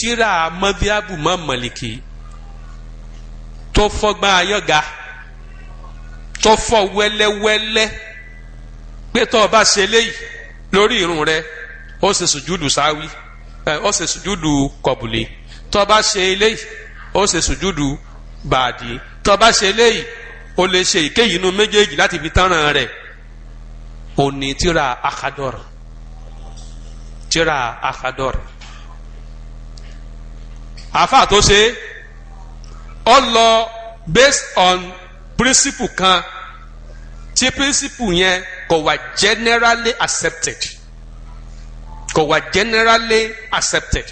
tíra mọ́díábù mọ́ mọ̀lìkì tó fọ́gbọ́n ayọ́ga tó fọ́ wẹ́lẹ́wẹ́lẹ́ pé tó o bá ṣe léyìí lórí irun rẹ ó ṣe sùjúdù sáwí ó ṣe sùjúdù kọ̀bùlì tó o bá ṣe léyìí ó ṣe sùjúdù bàdí tó o bá ṣe léyìí o lè ṣe ìkéyìí inú méjèèjì láti fi tánràn rẹ òní tíra akadọ́rọ̀ tíra akadọ́rọ̀ àáfàá tó ṣe ọ lọ based on principle kan tí principle yẹn kò wà generally accepted kò wà generally accepted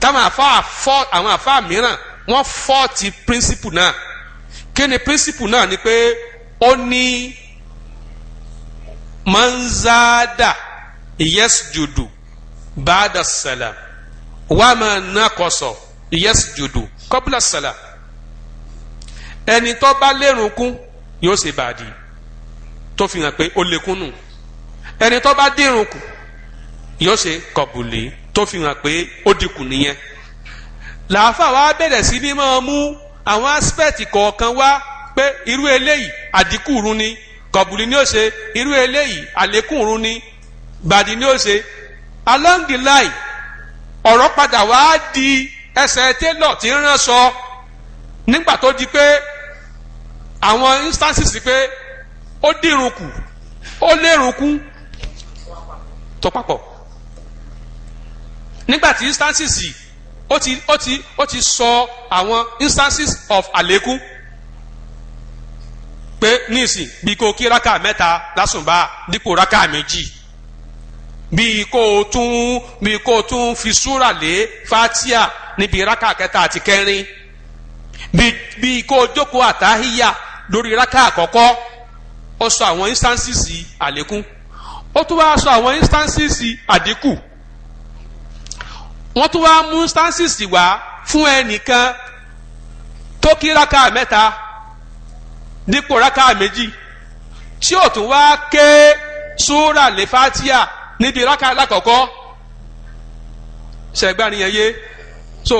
táwọn àáfàá fọ àwọn àáfàá mìíràn wọ́n fọ ti principle náà kí ni principle náà ni pé ó ní manzada yesjudu bada salam wàmà nàkọsọ yasjudu kọbílà sàlà ẹni tó bá lérun kún yóò ṣe bàdí tó fi hàn pé ó lékún nù ẹni tó bá dírun kù yóò ṣe kọbùlé tó fi hàn pé ó dínkù nìyẹn làáfà wa bẹ̀rẹ̀ sí ní máa mú àwọn aspect kọ̀ọ̀kan wá pé irú eléyìí àdínkù run ni kọbùlé ni ó ṣe irú eléyìí àlékún run ni bàdí ni ó ṣe along the line ọ̀rọ̀ padà wá di ẹsẹ̀ télọ̀ tí ń rán sọ nígbà tó di pé àwọn instances pé ó dìrun kù ó lérun kú tó papọ̀ nígbà tí instances yìí ó ti ó ti ó ti sọ àwọn instances of àlékún pé ní ìsìn bí kò kí rákà mẹ́ta lásùnbà dípò rákà méjì bíi kó o tún bíi kó tún fi súrà lé fatia níbi raka kẹta àti kẹrin bíi kó o jókòó àtàhíyà lórí raka àkọ́kọ́ ó sọ àwọn instances àlékún ó tún wá sọ àwọn instances àdínkù wọ́n tún wá mú instances wá fún ẹnìkan tó kí raka mẹ́ta dípò raka méjì tí ó tún wá ké súrà lé fatia níbi ìrákà alákọ̀ọ́kọ́ sẹ̀gbárin yẹn yé so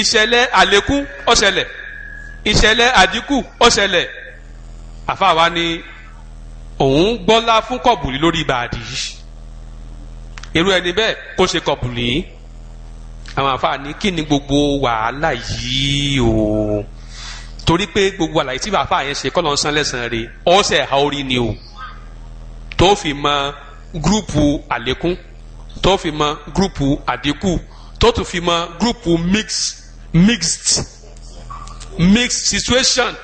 ìṣẹ̀lẹ̀ àlékún ó ṣẹlẹ̀ ìṣẹ̀lẹ̀ àdínkù ó ṣẹlẹ̀ àfàwa ni òun gbọ́lá fún kọ̀bùlì lórí ìbàdí irú ẹni bẹ́ẹ̀ kó ṣe kọ̀bùlì àwọn àfàá ní kí ni gbogbo wàhálà yìí o torí pé gbogbo àlàyé tí bàbá yẹn ṣe kọ́ ló ń lẹ́sàn-án rẹ̀ ọ̀sẹ̀ àórí ni o tó fi mọ gúrùpù àlékún tó fi mọ gúrùpù àdínkù tó tún fi mọ gúrùpù mix mixed mixed situation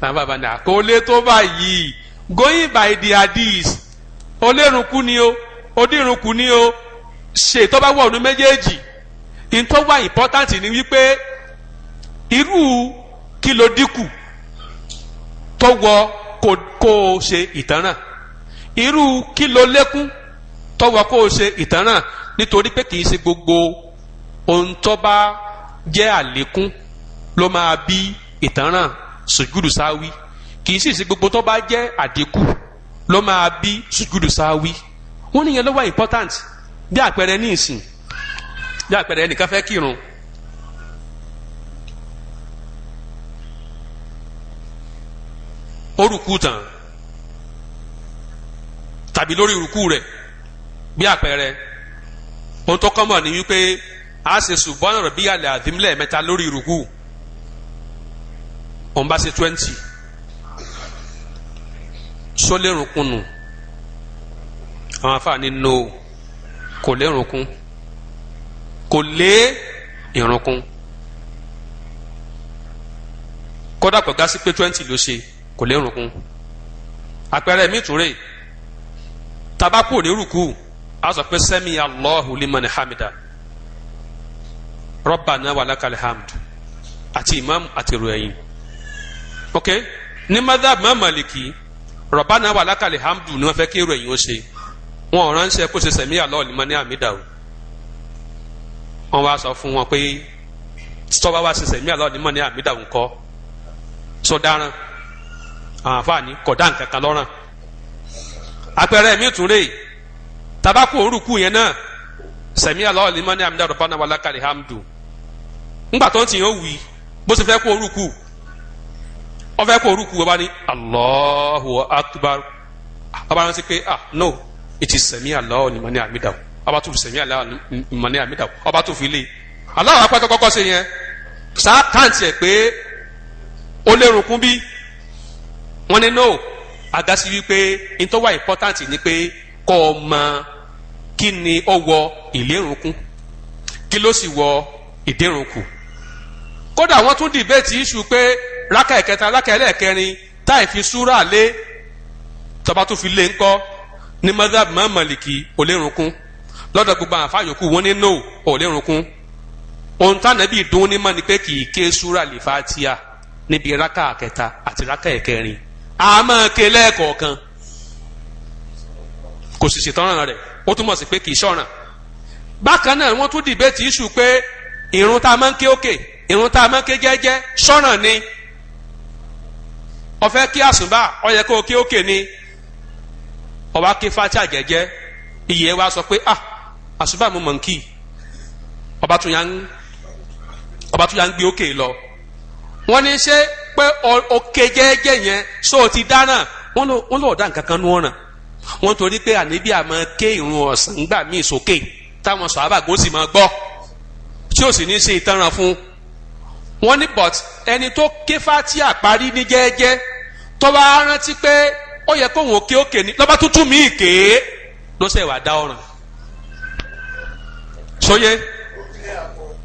bàbá bàbá náà kò lè tó báyìí going by the hadith olérùnkù ni o odírùnkù ni o ṣe tó ọdún méjèèjì ntọ́ important ni wípé irú kí ló dínkù tó kò ṣe ìtanràn irú kí ló lékún tọwọ́ kó o ṣe ìtanràn nítorí pé kì í ṣe gbogbo ohun tó bá jẹ́ àlékún ló máa bí ìtanràn sùjúdù sáwí kì í sì ṣe gbogbo tó bá jẹ́ àdínkù ló máa bí sùjúdù sáwí wọ́n níyẹn ló wà important bí àpẹẹrẹ ní ìsìn bí àpẹẹrẹ ẹnìkan fẹ́ kírun orúkú tán tàbí lórí ìrùkú rẹ̀ bí àpẹẹrẹ ohun tó kọ́mọ̀ ni wípé a ṣe subhana rabbiyal azim lẹ́ẹ̀mẹ́ta lórí ìrùkú òun bá ṣe twenty só lérùnkún nù àwọn afáàní no kò lérùnkún kò lé ìrùnkún kódà kò sí pé twenty ló ṣe kò lérùnkún àpẹẹrẹ mi tún rèé tabakú ní rúkú a sọ pé sẹ́mi allahu liman hamida rabbana walakal hamd àti imam àti ròyìn ok ní madhab má maliki rabbana walakal hamd ni wọ́n fẹ́ kí ròyìn ó ṣe wọn ò ránṣẹ́ kó ṣe sẹ́mi liman hamida o wọ́n wá sọ fún wọn pé tọ́ba wá ṣe sẹ́mi allahu liman hamida ńkọ́ sọdaràn àwọn àfààní kọ̀dá nǹkan kan lọ́rùn. àpẹẹrẹ mi tún rè tabako orúkú yẹn náà sẹmi aláwọ lè mọ ní amida rọba náà wà lákàrí hamdu ńgbà tó ń tì yẹn ó bó ku fẹ́ kó orúkú kó orúkú ọba ní Allahu ọba pé ah no it is sẹmi aláwọ lè mọ amida ọba tó sẹmi aláwọ mọ ọba tó fi lé aláwọ kọkọ si yẹn sa káǹtì ẹ pé ó lérò kún no. agasi wípé ntọ́ wà important ni pé kọ́ ọ mọ kí ni ọ wọ ìlérunkún kí ló sì wọ ìdérunkù kódà wọ́n tún dìbẹ́tì iṣu pé rákà ẹ̀kẹta rákà ẹlẹ́ẹ̀kẹrin táì fi súrà lé tọba tó fi lé ńkọ́ ní madhab mọ́ mọ̀lìkì òlérunkún lọ́dọ̀ gbogbo àǹfà yòókù wọ́n ní no òlérunkún ohun tánàbí dùn ní mọ́ ni pé kì í ké súrà lè fàtíà níbi rákà kẹta àti rákà ẹ̀kẹrin a máa ké lẹ́ẹ̀kọ̀ọ̀kan kò sì ṣètọ́ràn rẹ̀ ó túmọ̀ sí pé kì í ṣọ̀ràn bákan náà wọ́n tún dìbẹ́tì iṣu pé ìrun tá a máa ń ké òkè ìrun tá a máa ń ké jẹ́jẹ́ ṣọ̀ràn ni ó fẹ́ kí àsùnbà ó yẹ kó o ké òkè ni ó ké fati àjẹjẹ iye wa sọ pé ah àsùnbà mo mọ̀ ń kì í ó bá tún yà ń gbé òkè lọ wọ́n ní ṣé pé òkè jẹ́ẹ́jẹ́ yẹn sọ ti dáná wọ́n lọ dá nǹkan kan nú ọ̀ràn wọ́n torí pé àníbí àmọ́ ké ìrun ọ̀sán gbà míì sókè táwọn sọ àbàgò sì máa gbọ́ tí ó sì ní ṣe ìtanràn fún wọn ní but ẹni tó ké fati àparí ní jẹ́ẹ́jẹ́ tó rántí pé ó yẹ kó òun òkè òkè ní lọ́ba tuntun míì ké lọ́sẹ̀ wà dá ọ̀ràn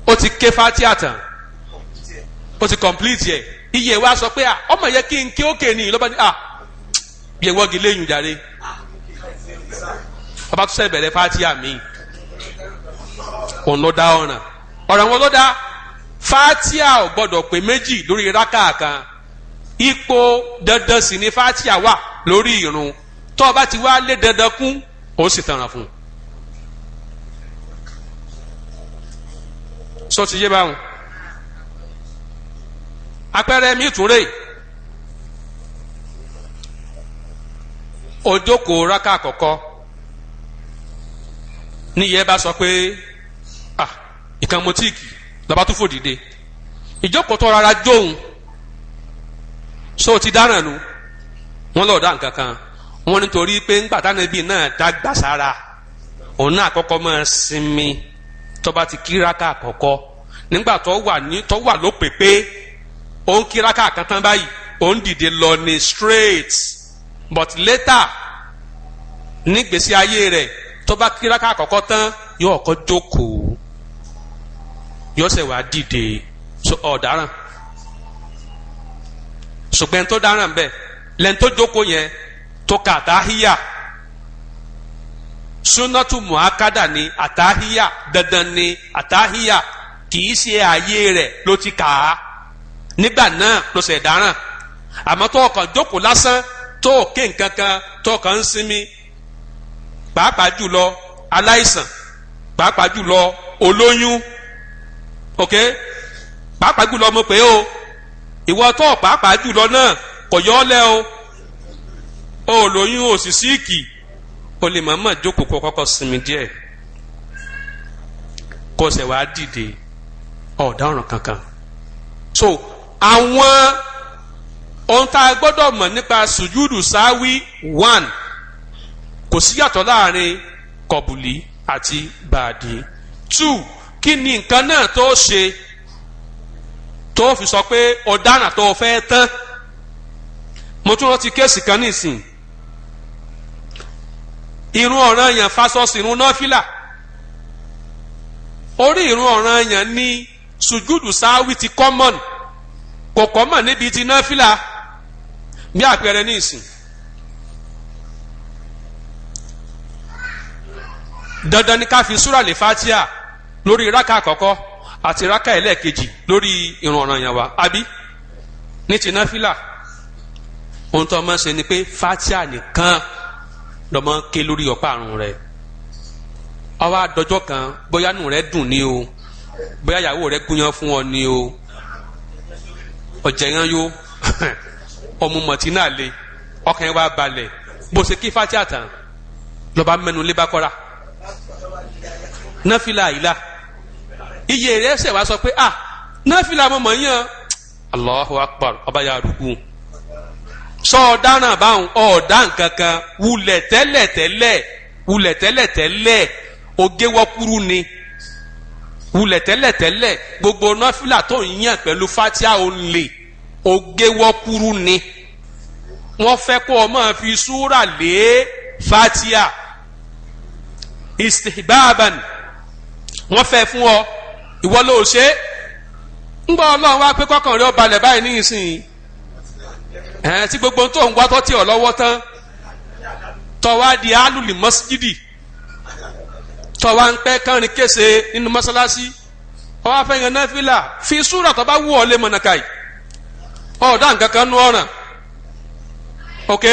ó ti ké fati àtàn ó ti complete yẹ. Yeah iye wa sọ pé ah, ọmọ yẹ kí n kí ó kè ní lọ́ba ní yẹ ah, wọ́gi léyìn jàre ọba tó sẹ́yìn bẹ̀rẹ̀ fáti àmì òun ló dá ọ̀ràn ọ̀ràn wọn ló dá fatia ò gbọ́dọ̀ pé méjì lórí rákà kan ipò dandan sì ni fatia wà lórí irun tó o bá ti wá lé dandan kún ó sì tanràn fún un sọ ti yé báwọn àpẹẹrẹ mi tún rèé ojoko raka ni níyẹ bá sọ pé ah ìkan mo tíì kì lọ́ba tó fò dìde ìjókòó tó rárá jóun so ti dáràn nu wọn lọ dá nǹkan kan wọn nítorí pé ńgbà náà dàgbà sára òun náà àkọ́kọ́ máa sinmi tó ti kí raka àkọ́kọ́ nígbà tó wà ní tó wà ó ń kí rákà kan tán báyìí ó ń dìde lọ ní straight but later nígbèsí ayé rẹ̀ tó bá kí rákà àkọ́kọ́ tán yóò kọ́ jókòó yóò ṣe wá dìde so ọ̀daràn ṣùgbọ́n tó dáràn bẹ́ẹ̀ lẹ́ni tó jókòó yẹn tó ka àtàhíyà súnátù muhakada ni àtàhíyà dandan ni àtàhíyà kì í ṣe ààyè rẹ̀ ló ti kà á nígbà náà ló ṣe dáràn àmọ́ tó kàn jókòó lásán tó ké nǹkan kan tó kàn ń sinmi pàápàá jùlọ aláìsàn pàápàá jùlọ olóyún ok pàápàá jùlọ mo pè é o ìwọ tó pàápàá jùlọ náà kò yọ ọ lẹ o o lóyún o sì síìkì o lè mọ̀ọ́mọ̀ jókòó kó kọ́kọ́ sinmi díẹ̀ kó o sì wá dìde ọ̀daràn kankan so àwọn ohun tá a gbọ́dọ̀ mọ̀ nípa sùjúdù sáwí one kò síyàtọ̀ láàrin kọ̀bùlì àti bàdí two kí ni nǹkan náà tó ṣe tó fi sọ pé ọ̀daràn tó fẹ́ tán mo tún rántí kéèsì kan nísìn irun ọ̀ràn yẹn fasọ́sì irun náfìlà orí irun ọ̀ràn yẹn ní sùjúdù sáwí ti common kọ̀kọ́ mọ̀ níbi ti náfìlà bí àpẹẹrẹ ní ìsìn dandan ni ká fi súrà lè fatia lórí raka àkọ́kọ́ àti raka ẹlẹ́ẹ̀kejì lórí ìrun ọ̀ràn yẹn wa àbí ní ti náfìlà ohun tó ọmọ ṣe ni pé fatia nìkan lọmọ ké lórí ọ̀pá àrùn rẹ̀ ọwọ́ àdọ́jọ́ kan bóyá nù rẹ̀ dùn ni o bóyá ìyàwó rẹ̀ gúnyán fún ọ ni o ọ̀jẹ̀yàn yóò ọmọ náà le ọkàn yẹn wá balẹ̀ bó ṣe kí fati àtàn lọ́ba mẹ́nu lé bá náfìlà iye rẹ̀ wá sọ pé ah náfìlà mo mọ̀ akbar ọba yà rúkú sọ báwọn wulẹ̀ tẹ́lẹ̀ tẹ́lẹ̀ ni. wulẹ̀ tẹ́lẹ̀tẹ́lẹ̀ gbogbo nọ́fìlà tó ń yàn pẹ̀lú fatia only ogewọ́kúrú ni wọ́n fẹ́ kó o máa fi súrà lé fatia istibaban. wọ́n fẹ́ fún ọ ìwọ ló ṣe ń gbọ́ ọlọ́run wá pé kọ́kàn rẹ ó balẹ̀ báyìí nísìnyí ẹ̀ tí gbogbo tó ń wá tọ́ tí ọ lọ́wọ́ tán tọ́wá di alùlì mọ́sídìí tọ́wá ń pẹ́ kánrin kése nínú mọ́sálásí ọwọ́ afẹ́yàn náfìlà fi súrà tó bá wù ọ́ lé mọ̀nàkà yìí ọ̀dà nǹkan kan nu ọ̀ràn ok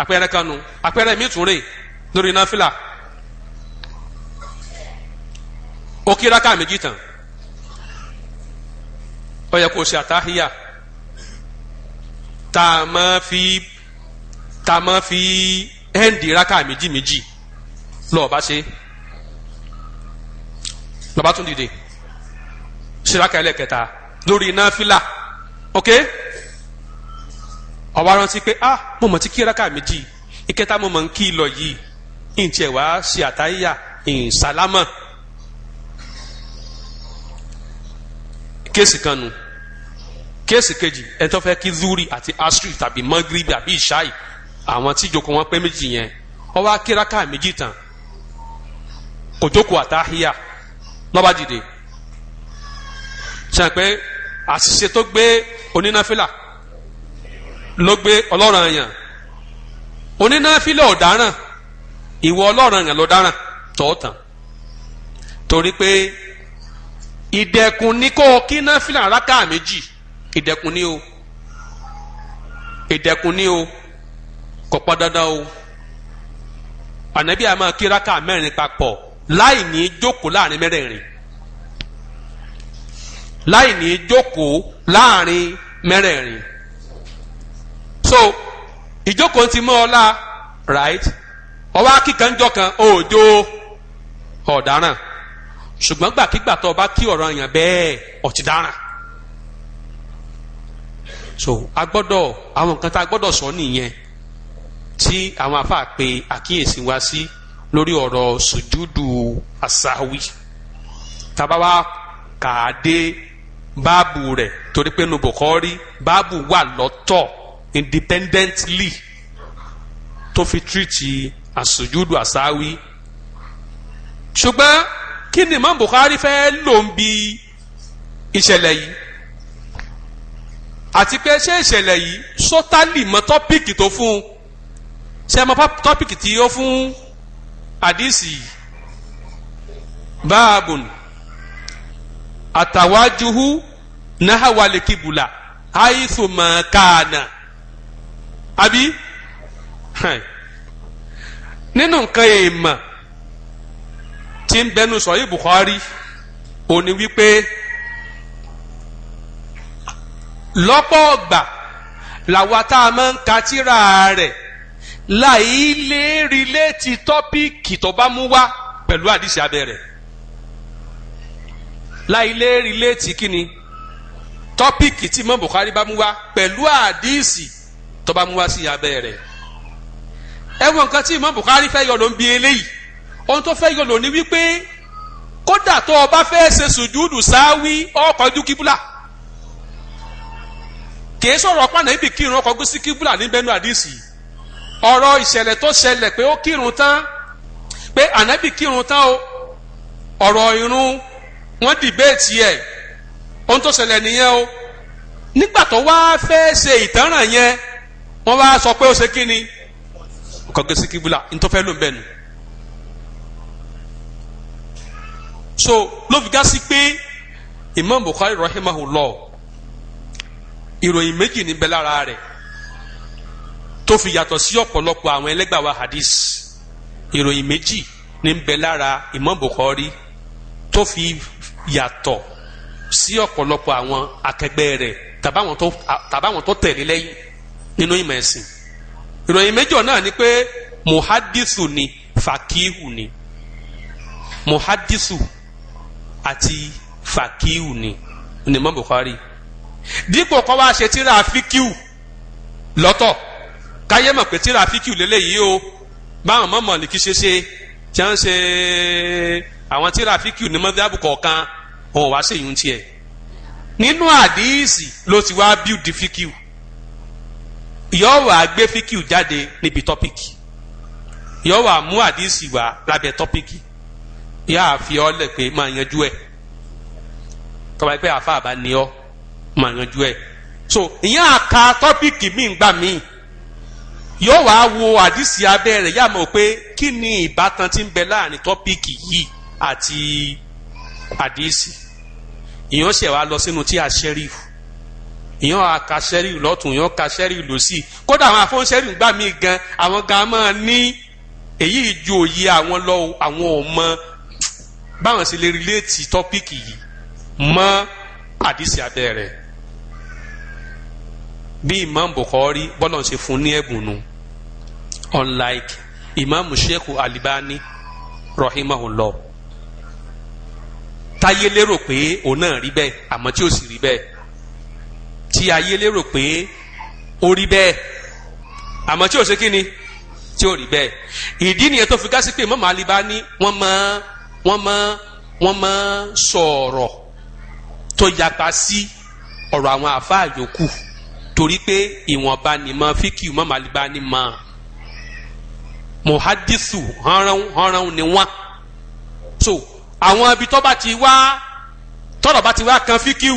àpẹẹrẹ kan nu àpẹẹrẹ mi tún rè lórí náfìlà ó kí rákà méjì tán ó yẹ kó o ṣe àtàhíyà tá a máa fi tá a máa fi ẹ́ǹdì rákà méjì méjì lọ́ọ̀ bá ṣe lọ́ba tún dìde ṣíláka ẹlẹ́kẹta lórí náfìlà ok ó wá rántí pé ah mo mọ̀ tí kí ẹ̀ráka méjì ìkẹta mo mọ̀ ń kí lọ yìí ìǹtí ẹ̀ wá ṣe àtàyà ìǹsálámà kéèsì kan nu kéèsì kejì ẹni tó fẹ́ kí zuri àti asri tàbí magribi àbí ìṣáì àwọn tí ìjókòó wọn pé méjì yẹn ó wá kí ẹ̀ráka méjì tán kò jókòó àtàhíyà lọ́ba dìde sàn pé àṣìṣe tó gbé onínáfílà ló gbé ọlọ́run àyàn onínáfílà ọ̀daràn ìwọ ọlọ́run àyàn ló dáràn tọ̀ọ̀tàn torí pé ìdẹ̀kùn ní kó o kí náfílà rákà méjì ìdẹ̀kùn ní o ìdẹ̀kùn ní o kò pọn dandan o ànábì àmọ́ kí rákà mẹ́rin papọ̀. láì ní jókòó láàrin mẹ́rẹ̀ẹ̀rin láì ní jókòó láàrin mẹ́rẹ̀ẹ̀rin so ìjókòó ti mú ọ la right ọwọ́ akíkanjọ́ kan òòjó ọ̀daràn ṣùgbọ́n gbàkigbà tó o bá kí ọ̀rọ̀ yẹn bẹ́ẹ̀ ọ̀tí dáràn so a gbọ́dọ̀ àwọn nǹkan tá a gbọ́dọ̀ sọ nìyẹn tí àwọn afa pe àkíyèsí wa sí. Si lórí ọ̀rọ̀ sùjúdù asáwí tábà wá kà á dé báàbù rẹ̀ torí pé nu Bukhari báàbù wà lọ́tọ̀ independently tó fi tírìtì àsùjúdù àsáwí ṣùgbọ́n kí ni Imam Bukhari fẹ́ lò ń bi ìṣẹ̀lẹ̀ yìí àti pé ṣé ìṣẹ̀lẹ̀ yìí sọ́tálì mọ́ tọ́pìkì tó fún un ṣe mọ́ tọ́pìkì tí ó fún àdìsí báàbùn àtàwájúhu náhàwálé kíbùlà àìsùnmọ̀ káànà àbí nínú nǹkan èèmọ̀ tí ń bẹnu sọ yìí Bukhari òní wípé lọ́pọ̀ ọgbà làwa tá láì lè rìlẹ́tì tọ́píìkì tó bá mú wá pẹ̀lú àdìsí abẹ́rẹ́ láì lè rìlẹ́tì kíni tọ́píìkì tí mọ́ Bukhari bá mú wá pẹ̀lú àdìsí tó bá mú wá sí abẹ́rẹ́ ẹ̀wọ̀n nǹkan tí mọ́ Bukhari fẹ́ yọ ló ń bi eléyìí ohun tó fẹ́ yọ ló ní wípé kódà tó o fẹ́ ṣe sùjúdù sáwí ọkọ̀ ojú kíbúlà kì í sọ̀rọ̀ pàdánù ibì kírun ọkọ̀ ojú kíbúlà níbẹ̀ nù àdìsí yìí ọ̀rọ̀ ìṣẹ̀lẹ̀ tó ṣẹlẹ̀ pé ó kírun tán pé ànábì kírun tán o ọ̀rọ̀ irun wọ́n dìbéètì ẹ̀ ohun tó ṣẹlẹ̀ nìyẹn o nígbà tó wá fẹ́ ṣe ìtanràn yẹn wọ́n wá sọ pé ó ṣe kí ni kọ̀gẹ́ sí kíbúlà nítorí fẹ́ ló ń bẹ̀ nù. so ló fi gá pé Imam Bukhari rahimahullah ìròyìn méjì níbẹ̀ lára rẹ̀ tó fi yàtọ̀ sí ọ̀pọ̀lọpọ̀ àwọn ẹlẹ́gbà wa hadith ìròyìn méjì ní ń bẹ lára Imam Bukhari tó fi yàtọ̀ sí ọ̀pọ̀lọpọ̀ àwọn akẹgbẹ́ rẹ̀ tàbáwọn tó tẹ̀lé lẹ́yìn nínú ìmọ̀ ẹ̀sìn ìròyìn méjọ náà ni pé muhadisu ni fakihu ni muhadisu àti fakihu ni ni Bukhari dípò kọ́ wa ṣe tíra fíkìú lọ́tọ̀ káyé mọ̀ pé tíra fíkìú lélẹ́yìí o báwọn mọ̀ mọ̀lìkì ṣe ṣe tí wọ́n ṣe àwọn tíra fíkìú ní mọ́tàbù kọ̀ọ̀kan òun wá sí ìyún tiẹ̀ nínú àdíìsì ló ti wá bíúdi fíkìú yóò wá gbé fíkìú jáde níbi tọ́pìkì yóò wá mú àdíìsì wá lábẹ́ tọ́pìkì yáà fi ọ́ lẹ̀ pé máa yanjú ẹ̀ tọ́ba pé àfa àbá ni ọ́ máa yanjú ẹ̀ so ìyẹn àka tọ́pìkì míì gbà míì yóò wá wo àdìsí abẹ́ rẹ̀ yá mọ̀ pé kí ni ìbátan tí ń bẹ láàrin tọ́píìkì yìí àti àdìsí ìyẹn ṣẹ̀ wá lọ sínú tí a ṣẹ́rí ìyẹn wà ká ṣẹ́rí lọ́tún ìyẹn ká ṣẹ́rí lọ́sì kódà àwọn afọ́nṣẹ́rí gbà mí gan àwọn gan máa ní èyí ju òye àwọn lọ àwọn ò báwọn sì lè relate tọ́píìkì yìí mọ́ àdìsí abẹ́ bí imam bukhari bọ́lọ̀ ṣe fún ní ẹ̀bùn nu unlike imam sheikh alibani rahimahullah táyé lérò pé òun náà rí bẹ́ẹ̀ àmọ́ tí ò sì rí bẹ́ẹ̀ tí ayé lérò pé ó rí bẹ́ẹ̀ àmọ́ tí ò ṣe kí tí ò rí bẹ́ẹ̀ ìdí nìyẹn tó fi ká sí pé imam alibani wọ́n mọ wọ́n mọ wọ́n mọ sọ̀rọ̀ tó yapa sí ọ̀rọ̀ àwọn àfáà yòókù torí pé ìwọ̀nba ni ma fíkì mọ màlìbá ni mọ muhadisu hánrán hánrán ni wọ́n so àwọn ibi tó bá ti wá tọ́rọ̀ bá ti wá kan fíkì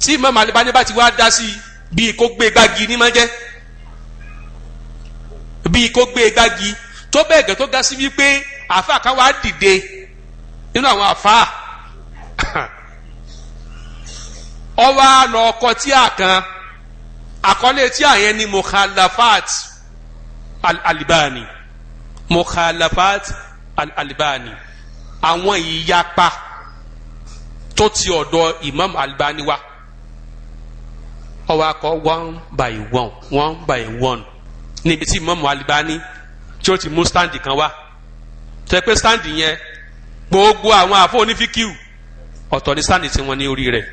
tí mọ màlìbá ni bá ti wá dá sí bíi kó gbé gbági ní máa jẹ́ bíi kó gbé gbági tó bẹ́ẹ̀ gẹ́ tó ga sí wípé àáfàá kan wá dìde nínú àwọn àáfàá ọ wá lọ kọ tíà kan àkọlé tíà yẹn ni mukhalafat al-albani mukhalafat al-albani àwọn ìyapa tó ti ọ̀dọ̀ imam Alibani wa ó wá kọ one by one one by one níbi tí imam Alibani, tí ó ti mú stand kan wá tẹ pé stand yẹn gbogbo àwọn àfọ onífíkìú ọ̀tọ̀ ní stand tí wọ́n ní orí rẹ̀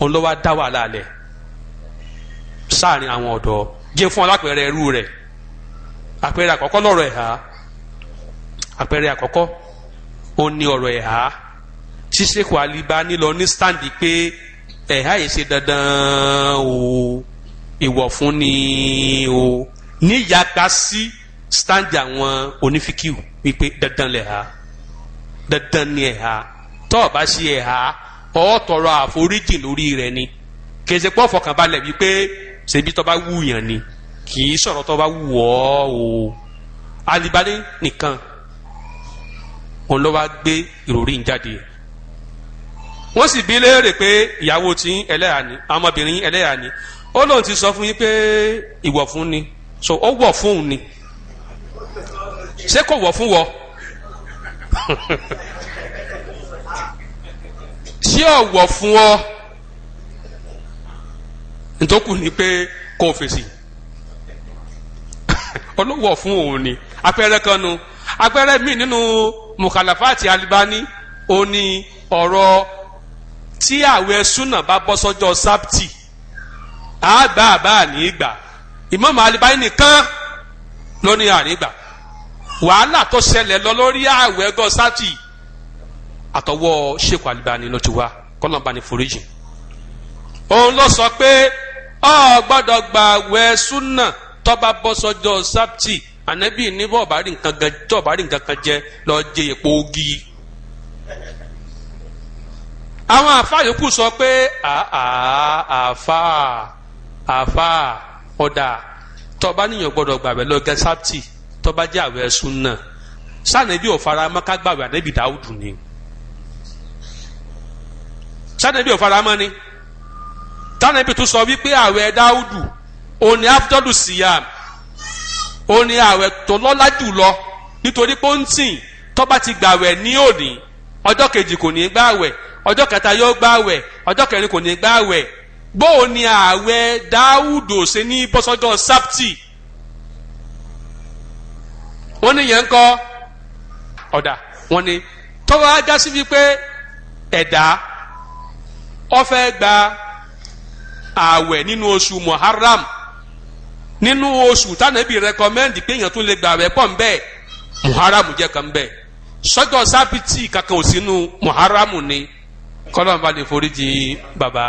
òun ló wá dá wàhálà lẹ̀ sáàrin àwọn ọ̀dọ́ jẹ́ fún alápẹ̀rẹ̀ ẹrú rẹ̀ àpẹẹrẹ àkọ́kọ́ lọ́rọ̀ ẹ̀há àpẹẹrẹ àkọ́kọ́ ó ní ọ̀rọ̀ ẹ̀há ṣíṣekù àlìbá nílọ ní sítáǹdì pé ẹ̀há yìí ṣe dandan o ìwọ̀ ni o níyàgbá sí sítáǹdì àwọn onífíkìw wípé dandan lẹ̀há dandan ni ẹ̀há tọ́ọ̀ bá ṣe ẹ̀há ọ tọrọ àforíjì lórí rẹ̀ ni kèsì pọ́ fọkànbalẹ̀ wípé ṣèbí tó bá wù yàn ni kì í sọ̀rọ̀ tó bá wù ọ́ o alibade nìkan òun ló wá gbé ìròrí ń jáde wọ́n sì bí léèrè pé ìyàwó tí ẹlẹ́yà ni ọmọbìnrin ẹlẹ́yà ni ó lóun ti sọ fún yín pé ìwọ̀ fún ni so ó wọ̀ fún òun ni ṣé kò wọ̀ fún wọ. tí wọ fún ọ nítòkù ni pé kò fèsì ọlọ́wọ̀ fún òun ni apẹ̀rẹ̀ kan nu apẹ̀rẹ̀ míì nínú mùkàlàfáàtì Albani ó ní ọ̀rọ̀ tí àwẹ̀ súnà bá bọ́ sọ́jọ́ sábtì àgbà àbá ànígbà ìmọ̀mọ̀ alibani nìkan ló ní ànígbà wàhálà tó ṣẹlẹ̀ lọ lórí àwẹ̀ gọ́ sábtì àtọwọ́ Sheikh Albani ló ti wá kọ́lọ́mbà ní foríjì òun ló sọ pé ọ gbọ́dọ̀ gbààwẹ̀ súnà tọ́ba bọ́ sọ́jọ́ sábtì ànábì ní bọ́ọ̀bá rí nǹkan gan tọ́ọ̀bá rí nǹkan kan jẹ lọ́ọ́ jẹ èpo ogi. àwọn àfa yòókù sọ pé àfa àfa ọ̀dà tọ́ba níyàn gbọ́dọ̀ gbààwẹ̀ lọ́gẹ́ sábtì tọ́ba jẹ́ àwẹ̀ súnà sànẹ́bí ò fara mọ́ ká gbààwẹ̀ ànábì dáúdù ni sanabi ò faramọ́ ni bi tún sọ wípé àwẹ̀ dáúdù òní afdọ́dù síyàm òní àwẹ̀ tó lọ́lá jùlọ nítorí pọ́ńtìn tọ́ba ti gbàwẹ̀ ní òní ọjọ́ kejì kò ní gbàwẹ̀ ọjọ́ kẹta yóò gbàwẹ̀ ọjọ́ kẹrin kò ní gbàwẹ̀ bóò ni ààwẹ̀ dáúdò ṣe ní bọ́sọ́jọ́ sábtì wọ́n ní yẹn ń kọ́ ọ̀dà wọ́n ní tọ́wọ́ ajá sí wípé ẹ̀dá Ọ fẹ gba ààwẹ̀ nínú oṣù muharram nínú oṣù tánàbí ebi pé èèyàn tó lè gba ààwẹ̀ pọ̀ ń bẹ́ẹ̀ muharram jẹ́ kan bẹ́ẹ̀ sọ́jọ́ sábìtì kankan ò sínú muharram ni kọ́lọ́mùbá lè foríjì baba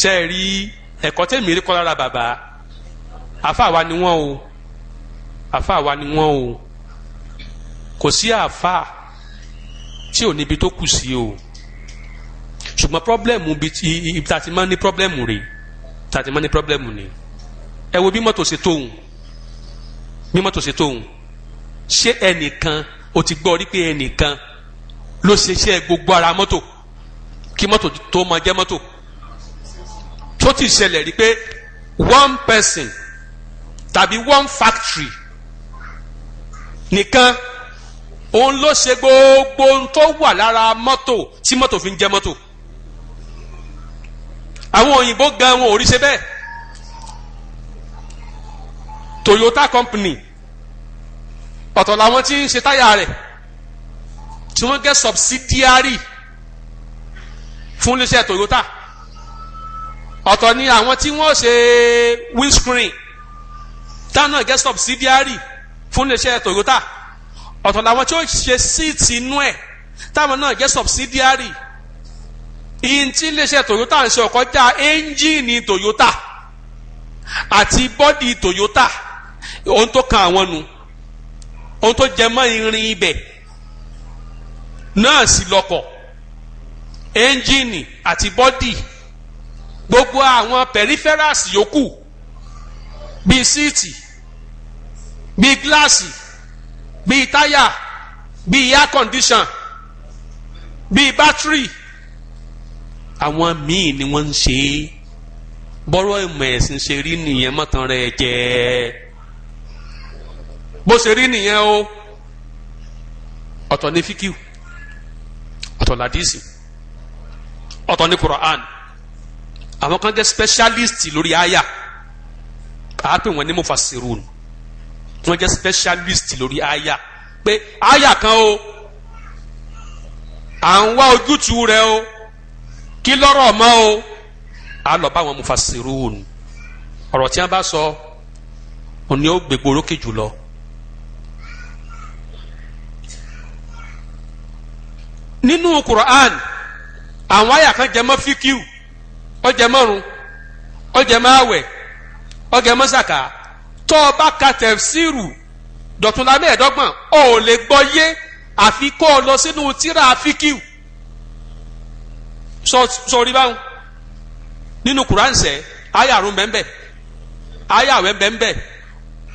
ṣe é rí ẹ̀kọ́ tẹ̀mí rí lára wa ni wọ́n o afa wa ni wọ́n o kò sí afa tí ò níbi tó kù sí o. ṣùgbọ́n pọ́blẹ́mù ibi tá a ti máa ní pọ́blẹ́mù rè tá máa ní pọ́blẹ́mù ni ẹ wo bí mọ́tò ṣe tóun bí mọ́tò ṣe tóun ṣé ẹnìkan o ti gbọ́ rí pé ẹnìkan ló ṣe iṣẹ́ gbogbo ara mọ́tò kí mọ́tò tó máa jẹ́ mọ́tò tó ti ṣẹlẹ̀ rí pé one person tàbí one factory nìkan òun ló ṣe gbogbo ohun tó wà lára mọ́tò tí mọ́tò fi ń jẹ́ mọ́tò àwọn òyìnbó gan wọn ò rí ṣe bẹ́ẹ̀ Toyota company ọ̀tọ̀ làwọn tí ń ṣe táyà rẹ̀ tí wọ́n gẹ́ subsidiary fún iléeṣẹ́ Toyota ọ̀tọ̀ ni àwọn tí wọ́n ṣe windscreen dáná gẹ́ subsidiary fún iléeṣẹ́ Toyota ọ̀tọ̀ làwọn tí ó ṣe síìtì inú ẹ̀ táwọn náà gẹ́ subsidiary yìí tí iléeṣẹ́ Toyota ń ṣe ọkọ̀ já ẹ́ńjìnì Toyota àti bọ́dì Toyota ohun tó kan àwọn nu ohun tó jẹ mọ́ irin ibẹ̀ náà sì lọ́kọ̀ ẹ́ńjìnì àti bọ́dì gbogbo àwọn peripherals yòókù bíi síìtì bíi gíláàsì bíi táyà bíi air condition bíi bátírì àwọn míì ni wọ́n ń ṣe é bọ́rọ̀ ìmọ̀ ẹ̀sìn ṣe rí nìyẹn mọ́tàn rẹ̀ jẹ́ bó ṣe rí nìyẹn o ọ̀tọ̀ ní fíkìú ọ̀tọ̀ làdísì ọ̀tọ̀ ní Quran àwọn kan jẹ́ specialist lórí àyà àápè wọn ní mufasirun wọn jẹ́ specialist lórí àyà pé àyà kan o à ń wá ojútùú rẹ̀ o kí lọ́rọ̀ mọ́ o a lọ bá àwọn mufasirun ọ̀rọ̀ tí wọ́n bá sọ òní ó gbégbó orókè jùlọ. nínú Qur'an àwọn àyà kan jẹ mọ́ fíkíù ó jẹ mọ́run ó jẹ mọ́ àwẹ̀ ó jẹ mọ́ sàkà tó o bá ka tẹ̀síìrù dọ̀túnlá mẹ́ẹ̀ẹ́dọ́gbọ̀n ò lè gbọ́ yé àfi kó o lọ sínú tírà fíkíù sọrí báwọn nínú Quran sẹ ayàrún bẹ́ẹ̀ ayàwẹ́ bẹ́ẹ̀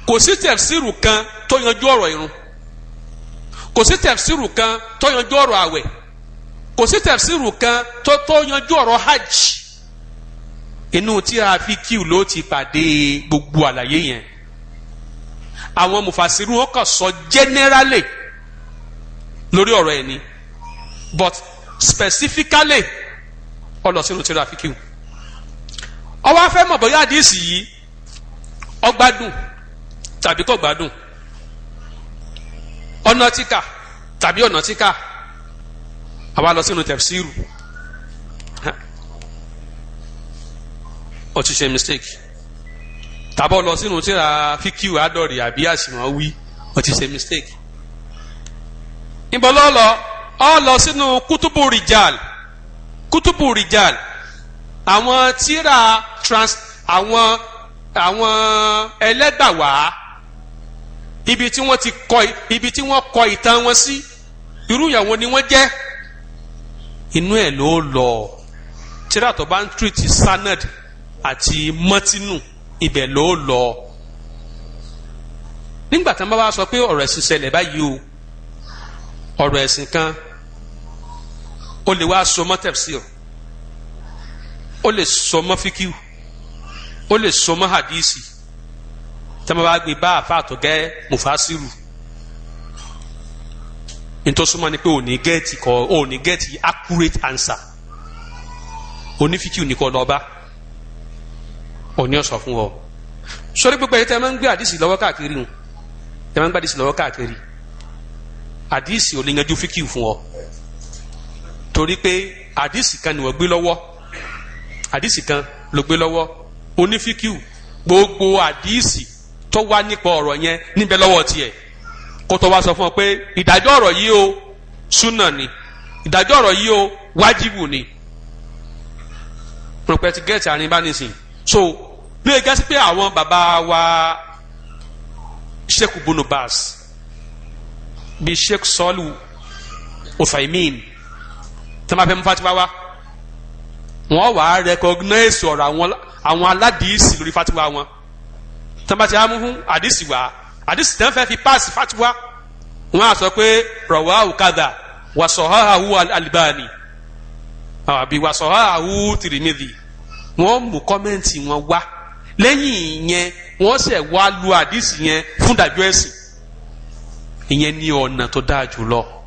kò sí tẹ̀síìrù kan tó yanjú ọ̀rọ̀ irun kò sí tẹ̀síìrù kan tó yanjú ọ̀rọ̀ àwẹ̀ kò sí tẹ̀síìrù kan tó tó yanjú ọ̀rọ̀ hajj inú tí a fi kíw ló ti pàdé gbogbo àlàyé yẹn àwọn mufasiru wọn kàn sọ generally lórí ọ̀rọ̀ ẹni but specifically ọlọ sínú tíra fíkìw ọwọ afẹ mọ bóyá àdìsí yìí ọgbádùn tàbí kò gbádùn ọ̀nà tíkà tàbí ọ̀nà tíkà àwa lọ sínú tẹ̀síìrù ṣe mistake tàbọ̀ lọ sínú tíra fíkìw àdọ̀rì àbí àṣìwọ̀n wí ó ṣe mistake ìbọ̀lọ́ lọ ọ lọ sínú kútùbù rìjàlì kutubu rijal àwọn tíra trans àwọn àwọn ẹlẹ́gbàwá ibi tí wọ́n ti kọ ibi tí wọ́n kọ ìtàn wọn sí irú ìyàwó ni wọ́n jẹ́ inú ẹ̀ ló lọ tíra tó bá ń tírìtì sanad àti mọ́tínù ibẹ̀ ló lọ nígbà tí wọ́n bá sọ pé ọ̀rọ̀ ẹ̀sìn ṣẹlẹ̀ báyìí o ọ̀rọ̀ ẹ̀sìn kan o le wa sọmọ tafsir o le sọmọ fikiu o le sọmọ hadisi tẹ́lẹ̀ bá gbé bá àfàtọ̀ mufasiru ntọ́sọ́mọ́ ni pé o ní ansa, kọ o ní gẹ́ẹ̀tì accurate answer onífikiu ní òní fún ọ Sori gbogbo ẹ̀yẹ tẹ́ ẹ máa ń gbé àdìsí lọ́wọ́ káàkiri o tẹ́ ẹ máa ń gbé àdìsí lọ́wọ́ káàkiri àdìsí ò fún ọ. torí pé àdìsí kan ni wọ́n gbé lọ́wọ́ àdìsí kan ló gbé lọ́wọ́ onífíkìú gbogbo àdìsí tó wá nípa ọ̀rọ̀ yẹn níbẹ̀ lọ́wọ́ tiẹ̀ kó tó wá sọ fún ọ pé ìdájọ́ ọ̀rọ̀ yìí o súnà ni ìdájọ́ ọ̀rọ̀ yìí o wájibù ni pẹ̀tì gẹ̀ẹ́tì àrínbánisìn so bí ẹ gẹ́sí pé àwọn bàbá wa sheikh bunubas bíi sheikh sọ́ọ̀lù ọ̀fàìmíìn tí wọ́n bá fẹ́ fatiwa wá wọ́n wà á recognize ọ̀rọ̀ àwọn àwọn aládìísì lórí fatiwa wọn tí wọ́n bá ti á mú fún àdìsí wá àdìsí tí wọ́n fẹ́ fi pass fatiwa wọ́n á sọ pé rọ̀wá òkàdà wàsọ̀háhàwù alibani àbí wàsọ̀háhàwù tìrìmìdì wọ́n mú kọ́mẹ́ǹtì wọn wá lẹ́yìn ìyẹn wọ́n ṣe wá lu àdìsí yẹn fún dàjọ́ ẹ̀sìn ìyẹn ní ọ̀nà tó dáa jù lọ.